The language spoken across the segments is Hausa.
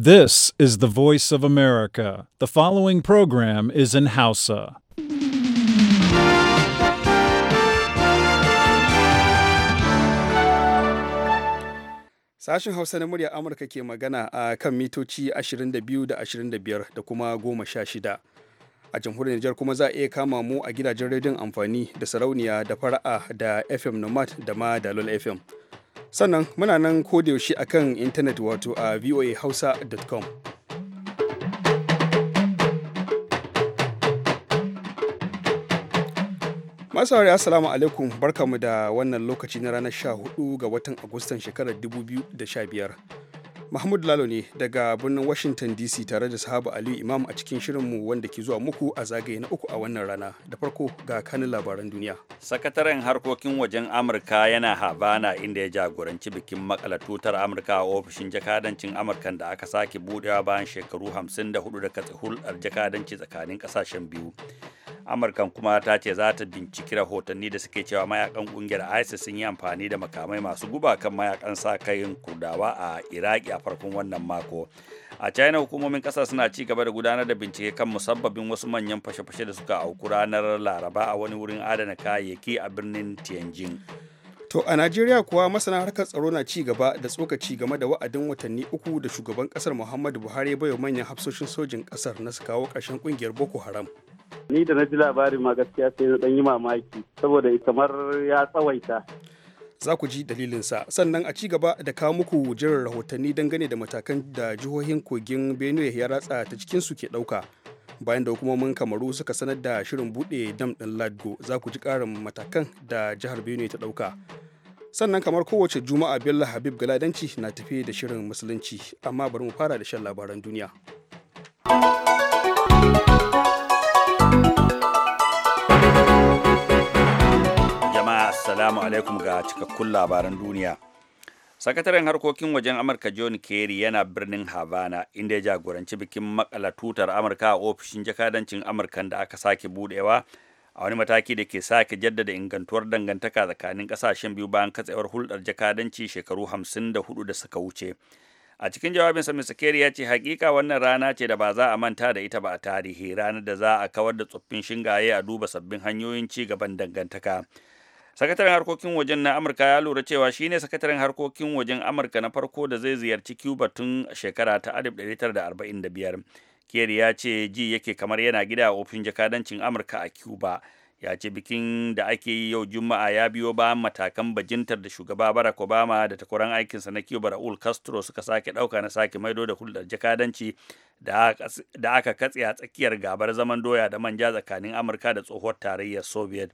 This is the voice of America. The following program is in Hausa. Sashen Hausa na muryar Amurka ke magana a kan mitoci 22 da 25 da kuma 16. A jamhuriyar Nijar kuma za a iya kama mu a gidajen rediyon amfani da sarauniya da fara'a da FM Nomad da ma Dalol FM. sannan muna nan kodayaushe a kan intanet wato a voahausa.com masu hauri assalamu alaikum barkamu da wannan lokaci na ranar 14 ga watan agustan shekarar 2015 Mahmud Lalo ne daga birnin Washington DC tare da sahabu Aliyu Imam a cikin shirinmu wanda ke zuwa muku a zagaye na uku a wannan rana. Da farko ga kanin labaran duniya. Sakataren harkokin wajen Amurka yana Habana inda ya jagoranci bikin makala tutar Amurka a ofishin jakadancin amurka da aka sake budewa bayan shekaru 54 da katse hulɗar jakadanci tsakanin ƙasashen biyu. amurkan kuma ta ce za ta binciki rahotanni da suke cewa mayakan kungiyar isis sun yi amfani da makamai masu guba kan mayakan sa kayan kurdawa a iraki a farkon wannan mako a china hukumomin kasa suna ci gaba da gudanar da bincike kan musabbabin wasu manyan fashe-fashe da suka auku ranar laraba a wani wurin adana kayayyaki a birnin tianjin To a Najeriya kuwa masana harkar tsaro na ci gaba da tsokaci game da wa'adin watanni uku da shugaban kasar Muhammadu Buhari baiwa manyan hafsoshin sojin kasar na su kawo ƙarshen kungiyar Boko Haram. Ni da na ji labarin ma gaskiya sai na ɗan yi mamaki saboda kamar ya tsawaita. Za ku ji dalilinsa sannan a ci gaba da kawo muku jiran rahotanni dangane da matakan da jihohin kogin Benue ya ratsa ta cikinsu ke ɗauka. bayan da hukumomin kamaru suka sanar da shirin buɗe dam ɗin ladgo za ku ji ƙarin matakan da jihar benue ta ɗauka sannan kamar kowace juma'a bello habib galadanci na tafi da shirin musulunci amma bari mu fara da shan labaran duniya Assalamu alaikum ga cikakkun labaran duniya. Sakataren harkokin wajen Amurka John Kerry yana birnin Havana inda ya jagoranci bikin makala tutar Amurka a ofishin jakadancin Amurkan da aka sake budewa a wani mataki da ke sake jaddada ingantuwar dangantaka tsakanin kasashen biyu bayan katsewar hulɗar jakadanci shekaru hamsin da hudu da suka wuce. A cikin jawabin sa Mr. Kerry ya ce hakika wannan rana ce da ba za a manta da ita ba a tarihi ranar da za a kawar da tsoffin shingaye a duba sabbin hanyoyin ci gaban dangantaka. sakataren harkokin wajen na amurka ya lura cewa shine sakataren harkokin wajen amurka na farko da zai ziyarci cuba tun shekara ta 1945 kerry ya ce ji yake kamar yana gida a ofishin jakadancin amurka a cuba ya ce bikin da ake yi yau juma'a ya biyo bayan matakan bajintar da shugaba barack obama da takwaran aikinsa na cuba raul castro suka sake ɗauka na sake maido da hulɗar jakadanci da aka katse a tsakiyar gabar zaman doya da manja tsakanin amurka da tsohuwar tarayyar soviet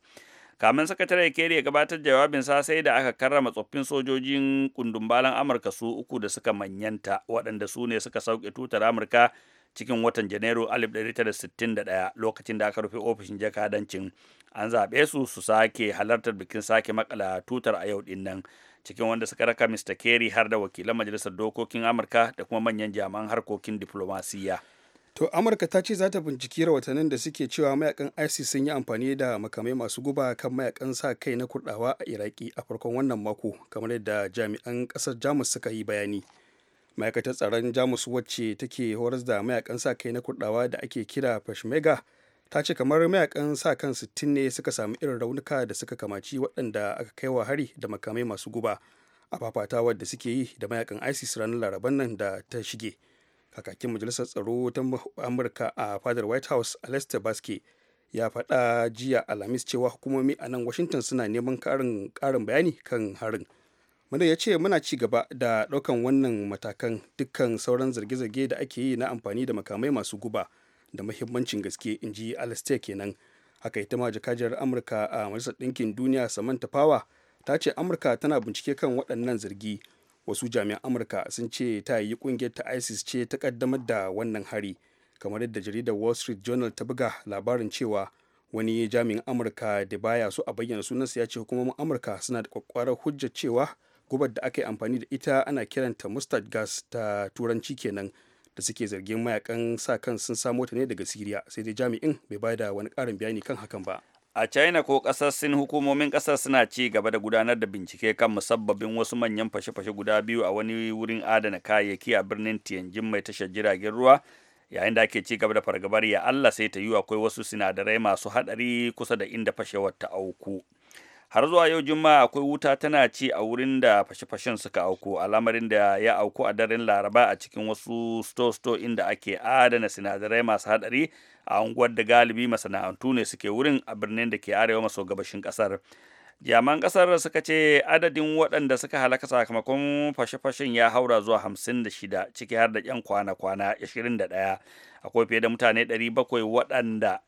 kamin sakatare kerry ya gabatar jawabinsa sai da aka karrama tsoffin sojojin kundumbalan amurka su uku da suka manyanta waɗanda su ne suka sauke tutar amurka cikin watan janairu 1961 lokacin da aka rufe ofishin jakadancin an zaɓe su su sake halartar bikin sake makala tutar a yau ɗin cikin wanda suka raka mr kerry har da wakilan majalisar dokokin amurka da kuma manyan jami'an harkokin diflomasiyya. To Amurka ta ce za ta binciki rahotannin da suke cewa mayakan ISIS sun yi amfani da makamai masu guba kan mayakan sa kai na kurdawa a Iraki a farkon wannan mako kamar yadda jami'an kasar Jamus suka yi bayani. Ma'aikatar tsaron Jamus wacce take horas da mayakan sa kai na kurdawa da ake kira Peshmerga ta ce kamar mayakan sa kan 60 ne suka samu irin raunuka da suka kamaci waɗanda aka kai wa hari da makamai masu guba a fafatawar da suke yi da mayakan ISIS ranar Laraban nan da ta shige. a kakin majalisar tsaro ta amurka a fadar white house alistair baske ya faɗa jiya alhamis cewa hukumomi a nan washington suna neman karin bayani kan harin mana ya ce muna ci gaba da ɗaukan wannan matakan dukkan sauran zarge-zarge da ake yi na amfani da makamai masu guba da mahimmancin gaske in ji alastair kenan haka ita ma jakajiyar amurka a majalisar ɗinkin duniya samantha power ta ce amurka tana bincike kan waɗannan zargi wasu jami'an amurka sun ce ta yi kungiyar ta isis ce ta kaddamar da wannan hari kamar yadda jaridar wall street journal ta buga labarin cewa wani jami'in amurka da baya so a bayyana sunansa ya ce hukumomin amurka suna da kwakwarar hujjar cewa gubar da aka yi amfani da ita ana kiranta mustard gas ta turanci kenan da suke zargin mayakan sa kan sun samo ta ne daga siriya sai dai jami'in bai bada wani karin bayani kan hakan ba a china ko kasar sin hukumomin kasar suna ci gaba da gudanar da bincike kan musabbabin wasu manyan fashe-fashe guda biyu a wani wurin adana kayayyaki a birnin tianjin mai tashar jiragen ruwa yayin da ake ci gaba da fargabar ya allah sai ta yi akwai wasu sinadarai masu hadari kusa da inda fashewar ta auku har zuwa yau juma'a akwai wuta tana ci a wurin da fashe-fashen suka auku al'amarin da ya auku a daren laraba a cikin wasu store inda ake adana sinadarai masu hadari a unguwar da galibi masana'antu ne suke wurin a birnin da ke arewa maso gabashin kasar jami'an kasar suka ce adadin waɗanda suka halaka sakamakon fashe-fashen ya haura zuwa hamsin da shida ciki har da 'yan kwana-kwana ɗaya akwai fiye da mutane 700 waɗanda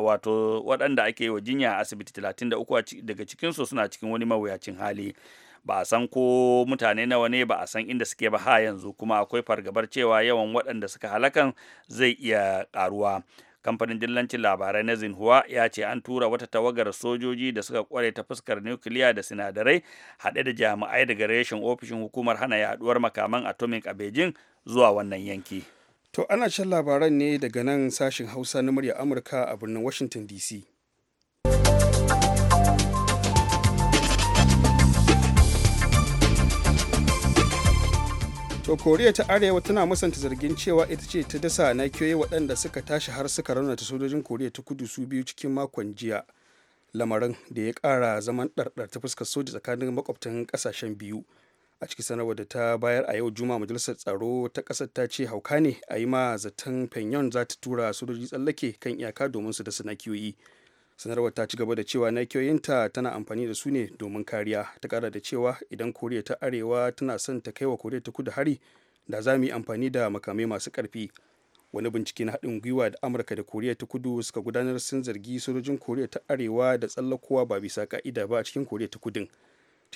wato waɗanda ake yi wa jinya a asibiti 33 daga cikinsu suna cikin wani mawuyacin hali ba a san ko mutane nawa ne ba a san inda suke ba ha yanzu kuma akwai fargabar cewa yawan waɗanda suka halakan zai iya ƙaruwa kamfanin dillancin labarai na zinhua ya ce an tura wata tawagar sojoji da suka kware ta fuskar nukiliya da sinadarai haɗe da jami'ai daga reshen ofishin hukumar hana yaduwar makaman atomic a beijing zuwa wannan yanki To ana shan labaran ne daga nan sashin Hausa na murya Amurka a birnin Washington DC. To Koriya ta Arewa tana musanta zargin cewa ita ce ta dasa na kiyoyi waɗanda suka tashi har suka raunata sojojin Koriya ta kudu su biyu cikin makon jiya. Lamarin da ya ƙara zaman ɗarɗar ta fuskar soja tsakanin makwabtan ƙasashen biyu. a cikin sanarwar da ta bayar a yau juma majalisar tsaro ta ƙasar ta ce hauka ne a yi ma zaton penyon za ta tura sojoji tsallake kan iyaka domin su da nakiyoyi sanarwar ta ci gaba da cewa nakiyoyinta tana amfani da su ne domin kariya ta kara da cewa idan koriya ta arewa tana son ta kai wa koriya ta kudu hari da za mu yi amfani da makamai masu karfi wani bincike na haɗin gwiwa da amurka da koriya ta kudu suka gudanar sun zargi sojojin koriya ta arewa da tsallakowa ba bisa ka'ida ba a cikin koriya ta kudin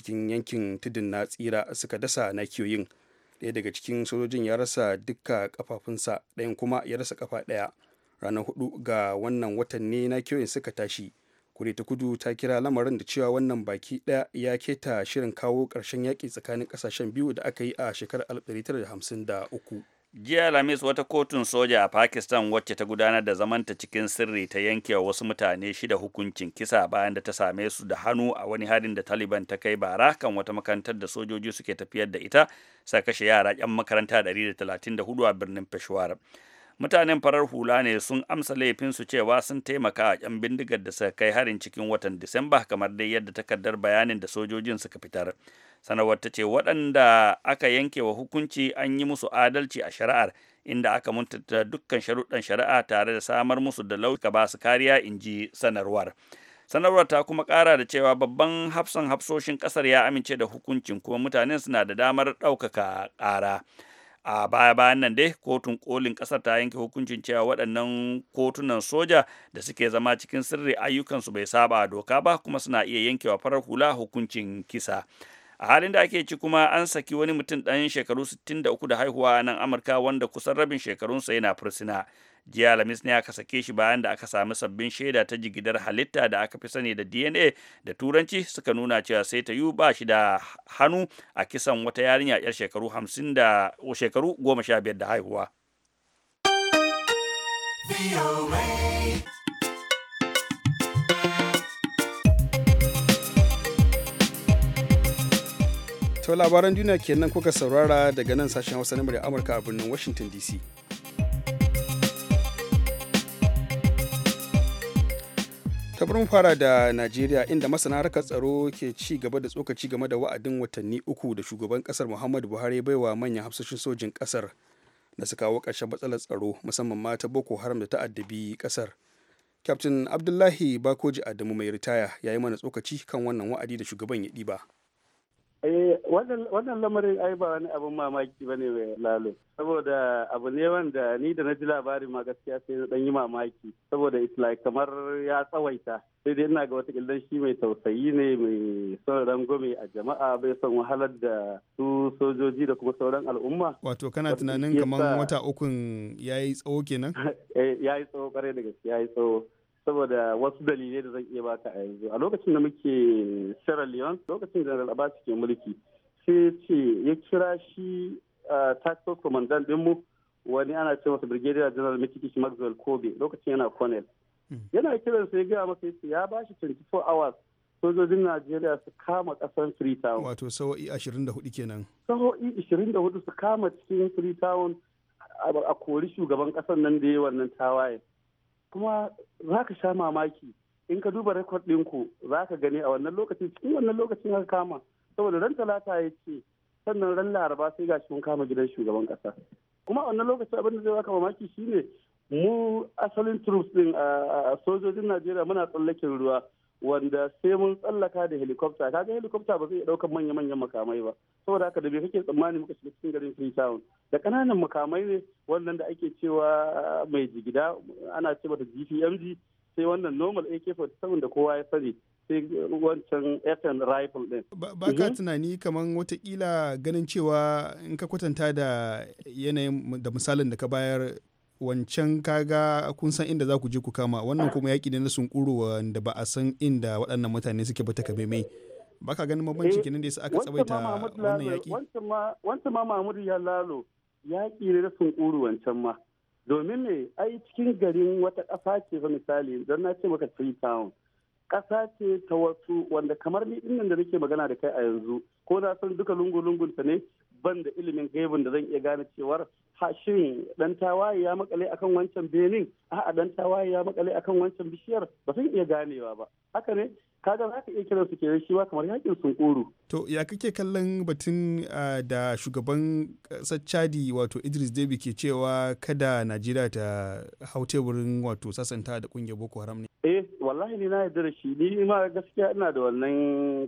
cikin yankin tudun na tsira suka dasa na kiyoyin ɗaya daga cikin sojojin ya rasa duka kafafunsa ɗayan kuma ya rasa kafa ɗaya ranar hudu ga wannan watan ne na kiyoyin suka tashi kure ta kudu ta kira lamarin da cewa wannan baki ɗaya ya keta shirin kawo ƙarshen yaƙi tsakanin ƙasashen biyu da aka yi a shekarar 1953 jiya Lamis wata kotun soja a pakistan wacce ta gudanar da zamanta cikin sirri ta yanke wa wasu mutane shida hukuncin kisa bayan da ta same su da hannu a wani harin da taliban ta kai bara kan wata makarantar da sojoji suke tafiyar da ita sa kashe yara 'yan makaranta 134 a birnin peshawar mutanen farar hula ne sun amsa laifin su cewa sun taimaka a 'yan bindigar da suka kai harin cikin watan disamba kamar dai yadda takardar bayanin da sojojin suka fitar sanarwar ta ce waɗanda aka yanke wa hukunci an yi musu adalci a shari'ar inda aka muntata dukkan sharuɗan shari'a tare da samar musu da lauka ba su kariya in ji sanarwar sanarwar ta kuma ƙara da cewa babban hafsan hafsoshin ƙasar ya amince da hukuncin kuma mutanen suna da damar ɗaukaka ƙara a baya bayan nan dai kotun kolin ƙasar ta yanke hukuncin cewa waɗannan kotunan soja da suke zama cikin sirri ayyukansu bai saba doka ba kuma suna iya yankewa farar hula hukuncin kisa a halin da ake ci kuma an saki wani mutum ɗan shekaru 63 da haihuwa a nan amurka wanda kusan rabin shekarunsa yana fursuna jiya lamis ne aka sake shi bayan da aka sami sabbin shaida ta jigidar halitta da aka fi sani da dna da turanci suka nuna cewa sai ta yi ba shi da hannu a kisan wata yarinya yar shekaru 50 da shekaru 15 da haihuwa. To labaran duniya kenan kuka saurara daga nan sashen Hausa na murya Amurka a birnin Washington DC. tabarin fara da najeriya inda masana harkar tsaro ke ci gaba da tsokaci game da wa'adin watanni uku da shugaban kasar muhammadu buhari baiwa manyan hafsoshin sojin kasar da su kawo ƙarshen matsalar tsaro musamman ma ta boko haram da ta addabi kasar captain abdullahi bakoji adamu mai ritaya ya yi mana tsokaci kan wannan wa'adi da shugaban ya ɗiba. Eh, wannan lamarin ai ba wani abin mamaki ba ne mai lalo saboda abu ne wanda ni da na ji labarin ma gaskiya sai na dan yi mamaki saboda islai kamar ya tsawaita sai dai ina ga wata illan shi mai tausayi ne mai son rangwame a jama'a bai son wahalar da su sojoji da kuma sauran al'umma wato kana tunanin kamar wata ukun ya yi tsawo kenan eh, ya yi tsawo kare da gaskiya yi tsawo saboda wasu dalilai da zan iya baka a yanzu a lokacin da muke Sierra Leone lokacin da Abbas ke mulki sai ce ya kira shi tactical commandant dinmu wani ana ce masa brigadier general Mikikish Maxwell Kobe lokacin yana colonel hmm. yana kiran sai gaya masa yace ya ba shi 24 hours sojojin Najeriya su kama kasar Freetown wato sawo'i 24 kenan sawo'i 24 su kama cikin Freetown a kori shugaban kasar nan da yi wannan tawayen kuma za ka sha mamaki in ka duba rekod ɗinku za ka gani a wannan lokacin cikin wannan lokacin aka kama saboda ran talata ya ce sannan ran laraba sai ga mun kama gidan shugaban kasa kuma a wannan lokacin abin da zai baka mamaki shine mu asalin troops din a sojojin najeriya muna tsallakin ruwa wanda sai mun tsallaka da ta kaga helikopta ba zai iya ɗaukar manya-manyan makamai ba saboda haka da bai kake tsammani muka shiga cikin garin Freetown da kananan makamai ne wannan da ake cewa ah, mai jigida ana ce mata GPMG sai wannan normal AK47 da kowa ya sani sai wancan FN rifle ɗin. Ba ka mhm. tunani kamar watakila ganin cewa in ka kwatanta da yanayin da misalin da ka bayar wancan kaga kun san inda za ku je ku kama wannan kuma yaƙi ne na sunkuru wanda ba a san inda waɗannan mutane suke ba takamaimai ba ka ganin mabanci eh, ne da yasa aka tsawaita wannan yaƙi wancan ma Mahmud ya lalo yaƙi ne na sunkuru wancan ma domin ne ai cikin garin wata ƙasa ce fa misali don na ce maka town ƙasa ce ta wasu wanda kamar ni ɗin da nake magana da kai a yanzu ko na san duka lungu lungunta ne ban da ilimin gaibin da zan iya gane cewar shin dan tawaye ya makale akan wancan benin a'a dan tawaye ya makale akan wancan bishiyar ba sun iya ganewa ba haka ne kaga za ka iya kiran su kenan shi ba kamar yakin sunkuru to ya kake kallon batun da shugaban kasar chadi wato idris debi ke cewa kada najeriya ta hau teburin wato sasanta da kungiyar boko haram ne eh wallahi ni na yarda da shi ni ma gaskiya ina da wannan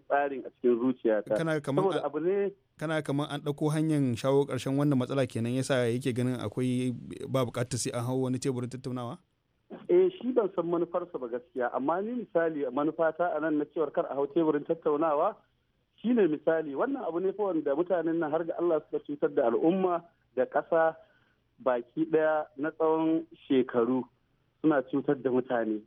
tsarin a cikin zuciyata kana kamar abu ne kana kamar an ɗauko hanyar shawo karshen wannan matsala kenan yasa kake ganin akwai ba bukatar sai an hau wani teburin tattaunawa eh shi ban san manufarsa ba gaskiya amma ni misali manufata a nan na cewar kar a hau teburin tattaunawa shi ne misali wannan abu ne fa wanda mutanen nan har ga Allah suka cutar da al'umma da ƙasa baki ɗaya na tsawon shekaru suna cutar da mutane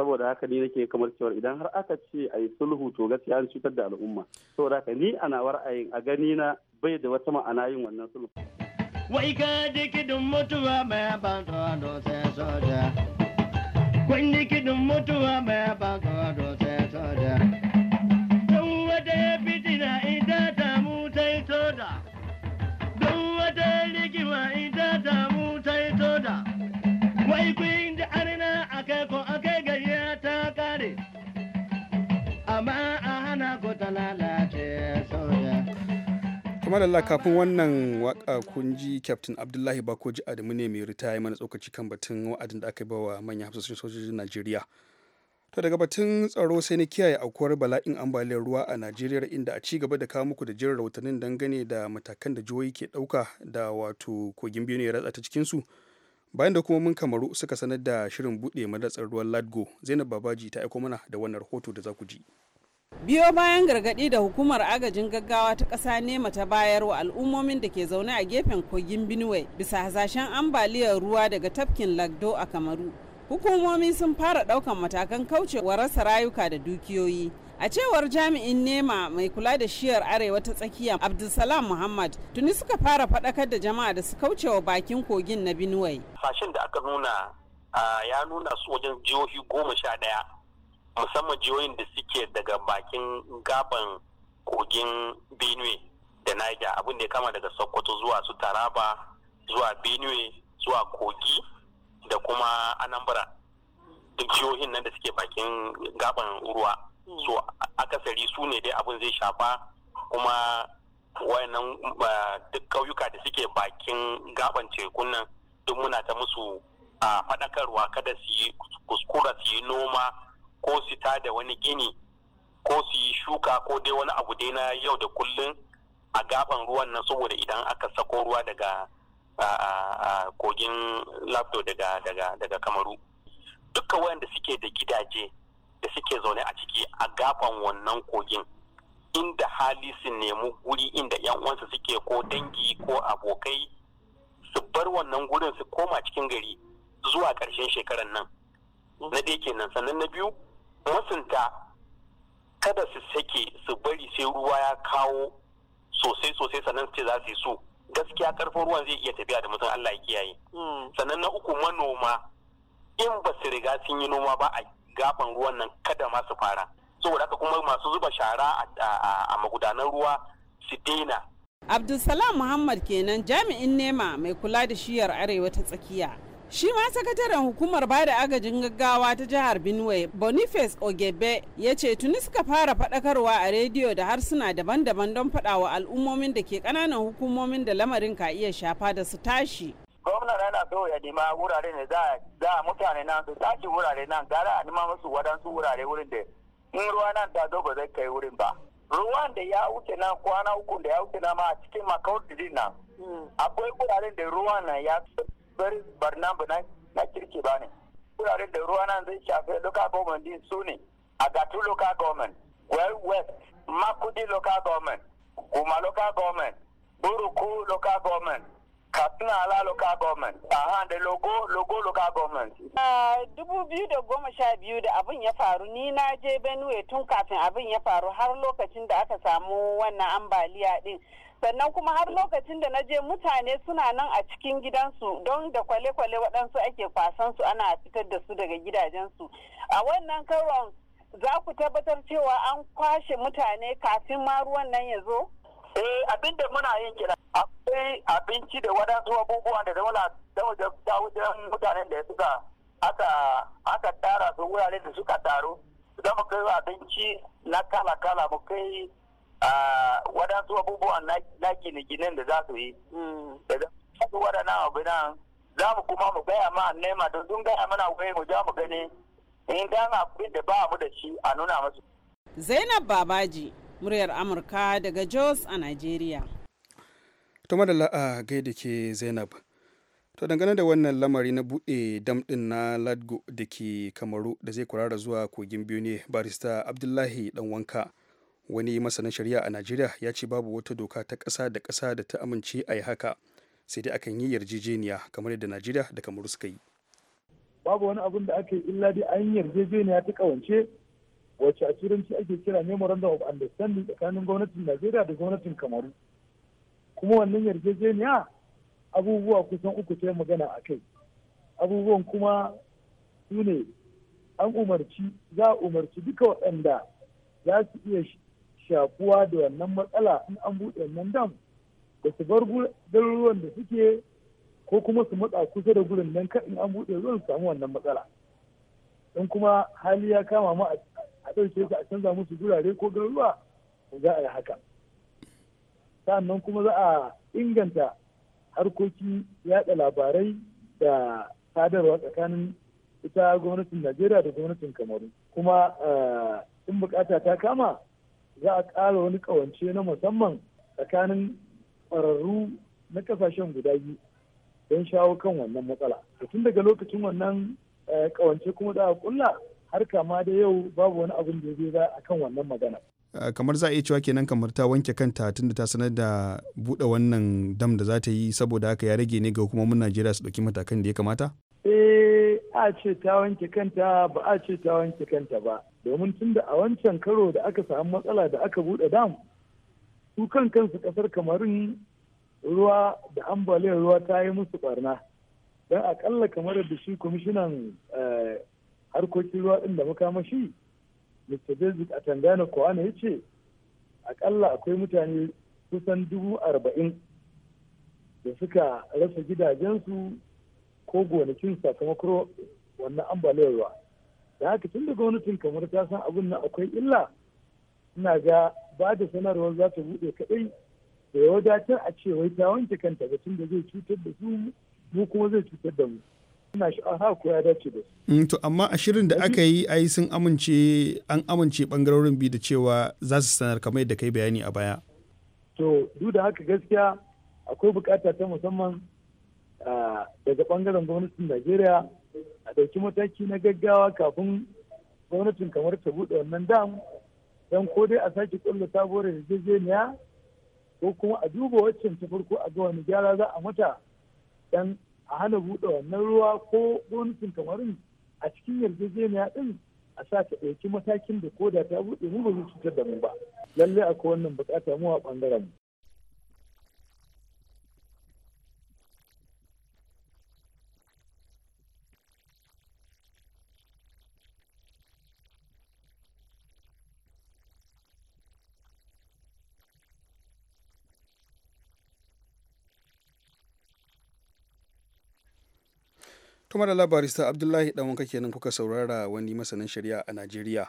saboda haka ni nake kamar cewar idan har aka ce a yi sulhu to gaskiya an cutar da al'umma saboda haka ni ana wara'ayin a gani na bai da wata ma'ana yin wannan sulhu wai ka dikidin mutuwa mai banka dose soja kun dikidin mutuwa mai banka dose soja don wata ya fitina ita ta mutai soda don wata rigima ita ta mutai soda wai kun da arna akai ko akai kuma da kafin wannan waka kun ji captain abdullahi bakoji adamu ne mai ritaya mana tsokaci kan batun wa'adin da aka yi bawa manyan hafsoshin sojojin najeriya to daga batun tsaro sai na kiyaye aukuwar bala'in ambaliyar ruwa a najeriya inda a ci gaba da kawo muku da jiran rahotannin dangane da matakan da jihohi ke dauka da wato kogin biyu ne ya ratsa ta cikin su bayan da kuma mun kamaru suka sanar da shirin buɗe madatsar ruwan ladgo zainab babaji ta aiko mana da wannan rahoto da za ku ji. biyo bayan gargadi da hukumar agajin gaggawa ta kasa nema ta bayar wa al'ummomin da ke zaune a gefen kogin binuwe bisa hasashen ambaliyar ruwa daga tafkin lagdo a kamaru hukumomi sun fara daukan matakan kauce wa rasa rayuka da dukiyoyi a cewar jami'in nema mai kula da shiyar arewa ta tsakiya abdulsalam muhammad tuni suka fara faɗakar da jama'a da su kauce wa bakin kogin na binuwe fashin da aka nuna ah, ya nuna su wajen jihohi goma sha daya musamman jihohin da suke daga bakin gaban kogin benue da niger abin da ya kama daga sokoto zuwa su taraba zuwa benue zuwa kogi da kuma anambra duk jihohin nan da suke bakin gaban ruwa so akasari su ne dai abin zai shafa kuma wayannan duk ƙauyuka da suke bakin gaban tekun nan duk muna ta musu a faɗakarwa kada su yi kuskura su yi noma ko su ta da wani gini ko su yi shuka ko dai wani abu dai na yau da kullum a gaban ruwan nan saboda idan aka sako ruwa daga kogin labdo daga kamaru dukkan wanda suke da gidaje da suke zaune a ciki a gaban wannan kogin inda hali su nemi guri inda yan uwansu suke ko dangi ko abokai su bar wannan gurin su koma cikin gari zuwa ƙarshen shekaran nan na ɗaya kenan sannan na biyu masunta kada su sake su bari sai ruwa ya kawo sosai sosai sannan ce za su yi so gaskiya karfin ruwan zai iya tafiya da mutum Allah ya kiyaye hmm. sannan na uku manoma in ba su riga sun yi noma ba a gaban ruwan nan kada ma su fara saboda haka kuma masu zuba shara a magudanan ruwa su daina Abdulsalam Muhammad kenan jami'in nema mai kula da shiyar arewa ta tsakiya Shi ma sakataren hukumar bada agajin gaggawa ta jihar Benue Boniface Ogebe ya ce tuni suka fara fadakarwa a rediyo da harsuna daban-daban don faɗawa al'ummomin da ke ƙananan hukumomin da lamarin ka iya shafa da su tashi. Gwamnan yana so ya nema wurare ne za a mutane nan su tashi wurare nan gara a nema musu wadansu wurare wurin da in ruwa nan ta zo ba zai kai wurin ba. Ruwan da ya wuce nan kwana uku da ya wuce nan ma a cikin makaudiri nan. Hmm. Akwai wuraren da ruwan nan ya barna na kirki ba ne wuraren da ruwa nan zai shafi local government din su ne agatu local government well west makudi local government kuma local government buruku local government katsina ala local government aha da logo logo local government dubu biyu da goma sha biyu da abin ya faru ni na je benue tun kafin abin ya faru har lokacin da aka samu wannan ambaliya din sannan kuma har lokacin da na je mutane suna nan a cikin gidansu don da kwale-kwale waɗansu ake kwasan su ana fitar da su daga gidajensu a wannan karon za ku tabbatar cewa an kwashe mutane kafin ma ruwan nan ya zo eh abin da muna yin kira akwai abinci da waɗansu abubuwan da da wajen mutanen da suka aka aka tara su wurare da suka taru za mu kai abinci na kala-kala mu kai waɗansu abubuwan na gine-ginen da za su yi hmm. da za su waɗannan abu nan za mu kuma mu gaya ma nema don sun gaya mana wai mu ja mu gani in dan abin da ba mu da shi a nuna musu. Zainab Babaji, muryar Amurka daga Jos a Najeriya. To madalla a gaida ke Zainab. To dangane da wannan lamari na buɗe damɗin na Ladgo da ke Kamaru da zai kurara zuwa kogin biyu ne barista Abdullahi Ɗanwanka. wanka. wani masanin shari'a a najeriya ya ce babu wata doka ta ƙasa da ƙasa da ta amince a yi haka sai dai akan yi yarjejeniya kamar yadda najeriya da kamaru suka yi babu wani abun da ake illa dai an yarjejeniya ta kawance wacce a turanci ake kira memorandum of understanding tsakanin gwamnatin najeriya da gwamnatin kamaru kuma wannan yarjejeniya abubuwa kusan uku ta magana a kai abubuwan kuma su ne an umarci za a umarci duka waɗanda za su iya Shakuwa da wannan matsala in an buɗe wannan dam da su bar garuruwan da suke ko kuma su matsa kusa da gurin nan kan in an buɗe ruwan su samu wannan matsala in kuma hali ya kama mu a ɗauke su a canza musu gurare ko garuruwa za a yi haka sannan kuma za a inganta harkokin yaɗa labarai da sadarwa tsakanin ita gwamnatin najeriya da gwamnatin kamaru kuma eh, in bukata ta kama za a ƙara wani kawance na musamman tsakanin ƙwararru na ƙasashen guda biyu don shawo kan wannan matsala tun daga lokacin wannan eh, ƙawance kuma za a ƙulla har kama da yau babu wani abin da zai za a kan wannan magana kamar za a iya cewa kenan kamar ta wanke kanta tunda ta sanar da buɗe wannan dam da za ta yi saboda haka ya rage ne ga hukumomin najeriya su ɗauki matakan da ya kamata eh a ce ta wanke kanta ba a ce ta wanke kanta ba domin tun da a wancan karo da aka samu matsala da aka bude dam su kan kansu kasar kamarun ruwa da ambaliyar ruwa ta yi musu barna don akalla kamar da shi kwamishinan eh, harkokin ruwa din da makamashi mr david a tangana kowane ya ce akalla akwai mutane kusan dubu arba'in da suka rasa gidajensu ko gonakin sakamakon wannan ambaliyar da haka tun da gwamnatin kamar ta san abin nan akwai illa ina ga ba da sanarwar za ta buɗe kaɗai da ya wadatar a ce wai ta wanke kanta ba da zai cutar da su mu kuma zai cutar da mu ina shi aha ko ya dace da su. Mm, to amma a shirin da aka yi ai sun amince an amince bangarorin biyu da cewa za su sanar kamar yadda kai bayani a baya. to duk da haka gaskiya akwai bukata ta musamman daga bangaren gwamnatin najeriya a ɗauki mataki na gaggawa kafin gwamnatin kamar ta buɗe wannan dam don ko dai a sake ƙulla sabuwar yarjejeniya ko kuma a duba waccan ta farko a ga wani gyara za a mata don a hana buɗe wannan ruwa ko gwamnatin kamarin a cikin yarjejeniya ɗin a sa ta ɗauki matakin da koda ta buɗe mu ba zai cutar da mu ba lallai akwai wannan bukata mu a ɓangaren mu. kuma da sa abdullahi dan wanka kenan kuka saurara wani masanin shari'a a najeriya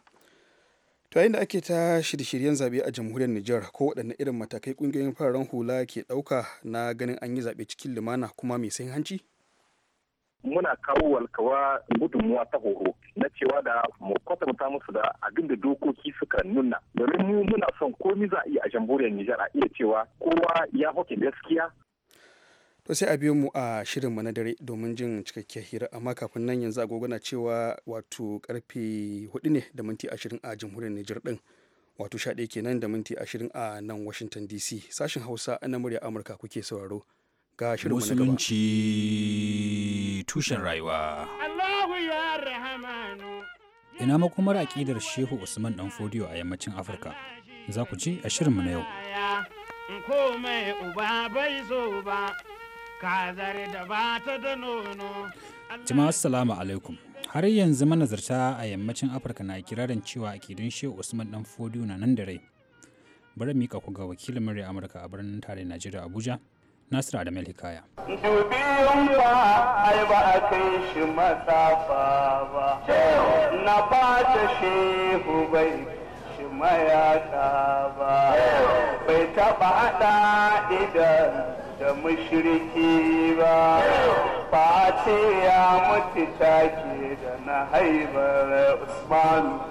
to yayin da ake ta shirye-shiryen zaɓe a jamhuriyar niger ko waɗanne irin matakai ƙungiyoyin fararen hula ke ɗauka na ganin an yi zaɓe cikin limana kuma mai sayin hanci muna kawo walkawa gudunmuwa ta horo na cewa da mu kwatanta musu da abin da dokoki suka nuna domin mu muna son komi za a iya a jamhuriyar Nijar a iya cewa kowa ya hoke gaskiya to sai a biyo mu a shirin na dare domin jin cikakkiyar hira amma kafin nan yanzu agogo na cewa wato karfe 4 ne da minti ashirin a jamhuriyar Nijar din wato ɗaya kenan da minti ashirin a nan Washington DC sashin Hausa na murya Amurka kuke sauraro ga shirin na gaba musulunci tushen rayuwa Allahu ya rahamanu ina makomar aƙidar Shehu Usman fodiyo a yammacin Afirka za ku ji a shirin mu na yau uba bai zo ba kazar da ba da nono. Jama'a salamu alaikum. Har yanzu manazarta a yammacin Afirka na kirarin cewa akidun shi Usman dan Fodiyo na nan da rai. Bari mika ku ga wakilin murya Amurka a birnin tare Najeriya Abuja. Nasiru da Hikaya. Dubiyan ba ai ba a kai shi masafa ba. Na ba ta shehu bai shi mayaka ba. Bai taba hada idan da mushriki ba face ya mutu take da na haibar usmanu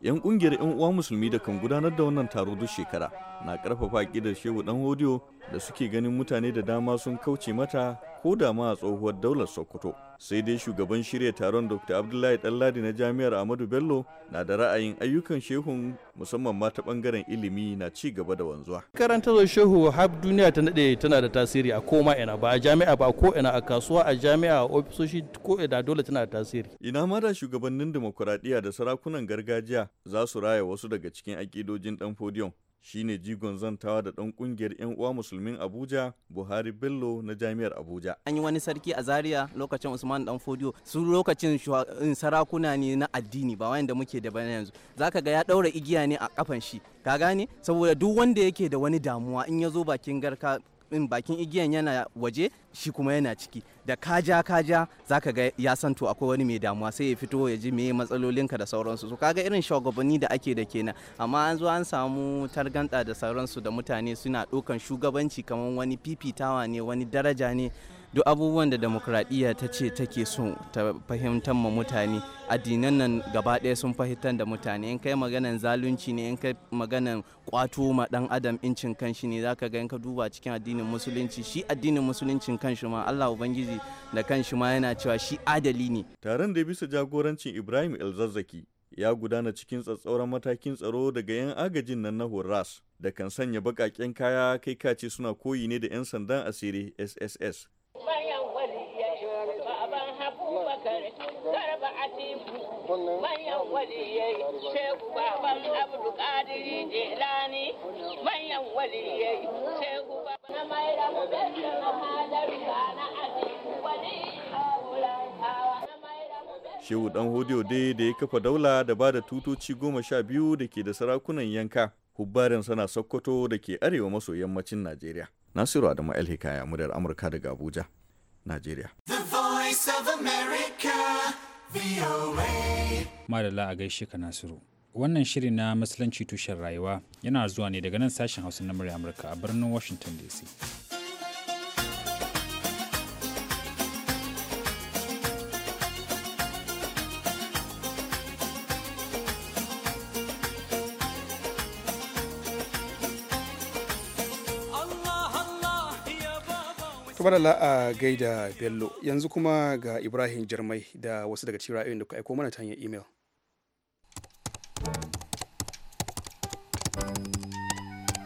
yan kungiyar yan uwa musulmi da kan gudanar da wannan taro duk shekara na karfafa kidar shehu dan hodiyo da suke ganin mutane da dama sun kauce mata ko da ma a tsohuwar daular Sokoto. Sai dai shugaban shirya taron Dr. Abdullahi Ɗanladi na Jami'ar Ahmadu Bello na da ra'ayin ayyukan shehun musamman ma ta bangaren ilimi na ci gaba da wanzuwa. makarantar shehu har duniya ta nade tana da tasiri a koma ina ba a jami'a ba ko ina a kasuwa a jami'a a ofisoshi ko ina dole tana da tasiri. Ina ma da shugabannin dimokuraɗiyya da sarakunan gargajiya za su raya wasu daga cikin aƙidojin ɗan fodiyon shine jigon zantawa da ɗan ƙungiyar 'yan uwa musulmin Abuja Buhari Bello na Jami'ar Abuja. An yi wani sarki a Zaria lokacin Usman Dan Fodio su lokacin sarakuna ne na addini ba wanda muke da bana yanzu. Zaka ga ya ɗaura igiya ne a kafan shi. Ka gane? Saboda duk wanda yake da wani damuwa in ya zo bakin garka bakin igiyan yana waje shi kuma yana ciki da kaja kaja ka ga ya san to akwai wani mai damuwa sai ya fito ya ji matsalolin ka da sauransu su kaga irin shugabanni da ake da kenan amma an zo an samu targanta da sauransu da mutane suna ɗaukan shugabanci kamar wani fifitawa ne wani daraja ne duk abubuwan da demokradiyya ta ce take so ta fahimtar ma mutane addinan nan gaba ɗaya sun fahimtar da mutane in kai maganan zalunci ne in kai maganan kwato ma dan adam incin kanshi ne zaka ga in ka duba cikin addinin musulunci shi addinin musuluncin kanshi ma Allah ubangiji da kanshi ma yana cewa shi adali ne taron da bisa jagorancin Ibrahim Elzazzaki ya gudana cikin tsatsauran matakin tsaro daga 'yan agajin nan na Horas da kan sanya baƙaƙen kaya kai kace suna koyi ne da 'yan sandan asiri SSS manyan waliyan baban abubakar garba atiku manyan waliyai shehu baban abdu kadiri jelani manyan waliyai shehu baban na maira mubenta na hadaru na atiku wani Shehu ɗan Hodiyo dai da ya kafa daula da ba da tutoci goma sha biyu da ke da sarakunan yanka, hubbarin sana Sokoto da ke arewa maso yammacin Najeriya. Nasiru Adamu El Hikaya muryar Amurka daga Abuja, Najeriya. the america Madalla a gaishe ka Nasiru. Wannan shiri na Musulunci tushen rayuwa yana zuwa ne daga nan sashen Hausa na muryar Amurka a birnin Washington DC. kamar Allah a gaida bello yanzu kuma ga ibrahim jirmai da wasu daga cikin ra'ayoyin da ku aiko mana ta hanyar email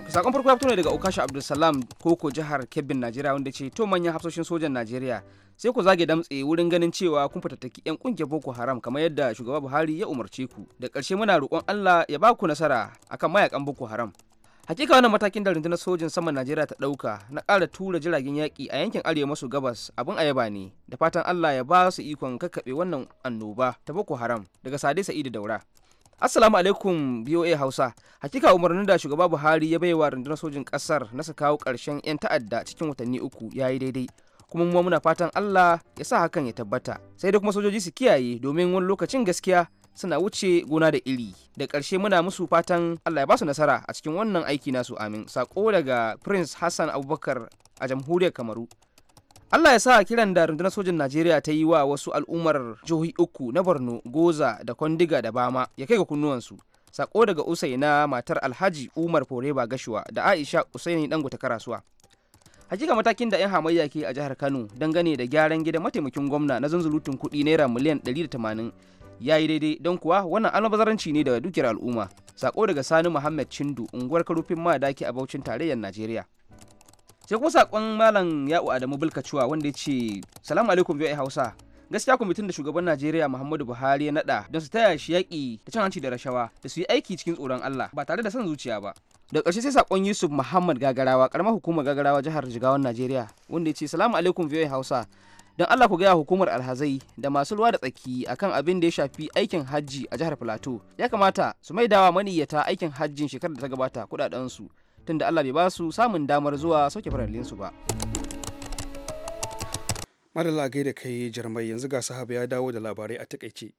sakon farko ya fito ne daga okasha abdulsalam koko jihar kebbin najeriya wanda ce to manyan hafsoshin sojan najeriya sai ku zage damtse wurin ganin cewa kun fatattaki yan kungiyar boko haram kamar yadda shugaba buhari ya umarce ku da karshe muna roƙon allah ya ba ku nasara akan mayakan boko haram hakika wannan matakin da rundunar sojin saman najeriya ta dauka na kara tura jiragen yaƙi a yankin arewa maso gabas abin ayaba ne da fatan allah ya ba su ikon kakkaɓe wannan annoba ta boko haram daga sade sa'idu daura assalamu alaikum boa hausa hakika umarnin da shugaba buhari ya baiwa rundunar sojin kasar na su kawo karshen 'yan ta'adda cikin watanni uku ya yi daidai kuma mu muna fatan allah ya sa hakan ya tabbata sai dai kuma sojoji su kiyaye domin wani lokacin gaskiya suna wuce gona da iri da ƙarshe muna musu fatan allah ya basu nasara a cikin wannan aiki nasu amin sako daga prince hassan abubakar a jamhuriyar kamaru allah ya sa kiran da rundunar sojin najeriya ta yi wa wasu al'ummar jihohi uku na borno goza da kwandiga da bama ya kai ga kunnuwansu sako daga usaina matar alhaji umar foreba gashuwa da aisha usaini dangote karasuwa hakika matakin da 'yan hamayya ke a jihar kano dangane da gyaran gidan mataimakin gwamna na zunzulutun kuɗi naira miliyan 180 ya yi daidai don kuwa wannan almabazaranci ne daga dukiyar al'umma sako daga sani muhammad chindu unguwar karufin ma madaki a baucin tarayyar najeriya sai kuma sakon malam ya'u adamu bulkacuwa wanda ya ce salamu alaikum biyu hausa gaskiya kwamitin da shugaban najeriya muhammadu buhari ya nada don su taya shi yaƙi ta cin hanci da rashawa da su yi aiki cikin tsoron allah ba tare da son zuciya ba da ƙarshe sai sakon yusuf muhammad gagarawa karamar hukumar gagarawa jihar jigawan najeriya wanda ya ce salamu alaikum biyu hausa don Allah ku gaya hukumar alhazai da masu ruwa da tsaki akan abin da ya shafi aikin hajji a jihar Filato ya kamata su mai dawa maniyyata aikin hajjin shekarar da ta gabata kudaden su tunda Allah bai ba su samun damar zuwa sauke farallin su ba madalla da kai jarmai yanzu ga sahaba ya dawo da labarai a takaice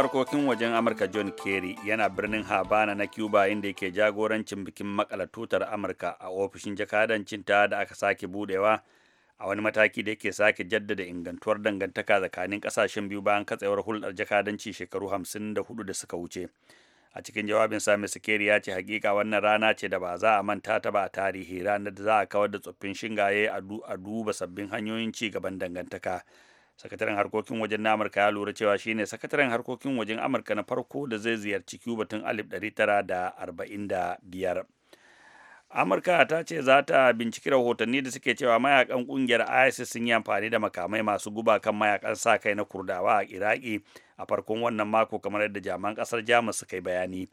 harkokin wajen Amurka John Kerry yana birnin Habana na Cuba inda yake jagorancin bikin makala tutar Amurka a ofishin jakadancinta da aka sake budewa a wani mataki da yake sake jaddada ingantuwar dangantaka tsakanin kasashen biyu bayan katsewar hulɗar jakadanci shekaru 54 da suka wuce. A cikin jawabin sa Mr. Kerry ya ce hakika wannan rana ce da ba za a manta ta ba a tarihi ranar da za a kawar da tsoffin shingaye a duba sabbin hanyoyin ci gaban dangantaka. sakataren harkokin wajen na amurka ya lura cewa shine sakataren harkokin wajen amurka na farko da zai ziyarci cuba tun 1945 amurka ta ce za ta binciki rahotanni da suke cewa mayakan kungiyar isis sun yi amfani da makamai masu guba kan mayakan sa kai na kurdawa a iraki a farkon wannan mako kamar yadda jaman kasar jamus suka yi bayani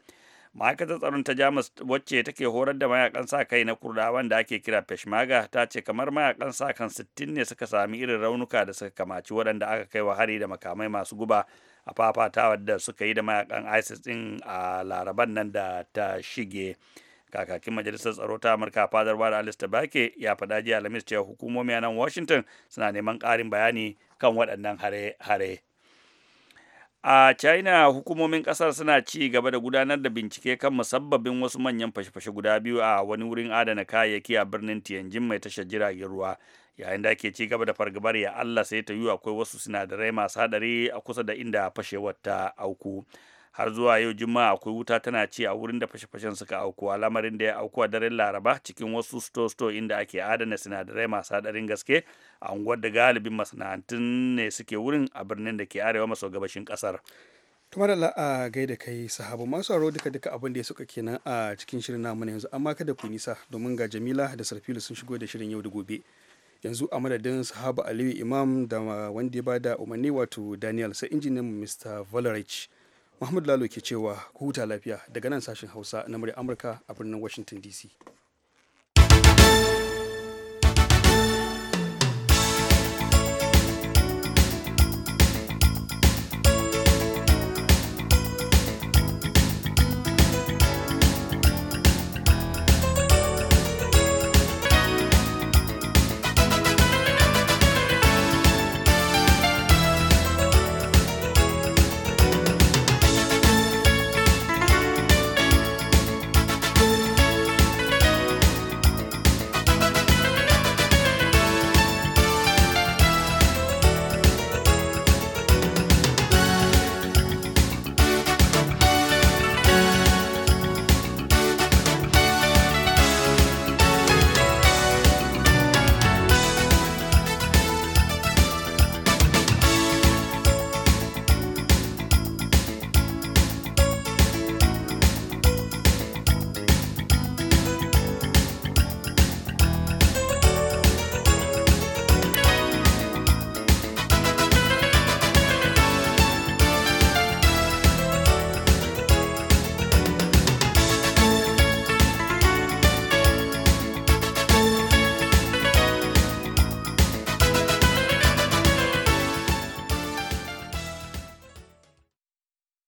ma'aikatar tsaron ta jamus wacce take horar da mayakan sa kai na kurdawan da ake kira peshmerga ta ce kamar mayakan sa kan 60 ne suka sami irin raunuka da suka kamaci waɗanda aka kai wa hari da makamai masu guba a fafatawa da suka yi da mayakan isis din a laraban nan da ta shige kakakin majalisar tsaro ta amurka fadar wada alistair bake ya faɗa jiya lamis cewa hukumomi a nan washington suna neman ƙarin bayani kan waɗannan hare-hare a china hukumomin kasar suna ci gaba da gudanar da bincike kan musabbabin wasu manyan fashe-fashe guda biyu a wani wurin adana kayayyaki a birnin tianjin mai tashar jiragen ruwa yayin da ake ci gaba da fargabar ya allah sai ta yiwu akwai wasu sinadarai masu hadari a kusa da inda fashewar ta auku har zuwa yau juma'a akwai wuta tana ci a wurin da fashe-fashen suka aukuwa lamarin da ya auku a daren laraba cikin wasu sto-sto inda ake adana sinadarai masu hadarin gaske a unguwar da galibin masana'antun ne suke wurin a birnin da ke arewa maso gabashin kasar kamar da gai da kai sahabu masu aro duka duka abin da ya suka kenan a cikin shirin namu na yanzu amma kada ku nisa domin ga jamila da sarfilu sun shigo da shirin yau da gobe yanzu a madadin sahaba aliyu imam da wanda ya bada umarni wato daniel sai injinin mr valerich muhammadu Lalo ke cewa ku huta lafiya daga nan sashen Hausa na murya Amurka a birnin Washington DC.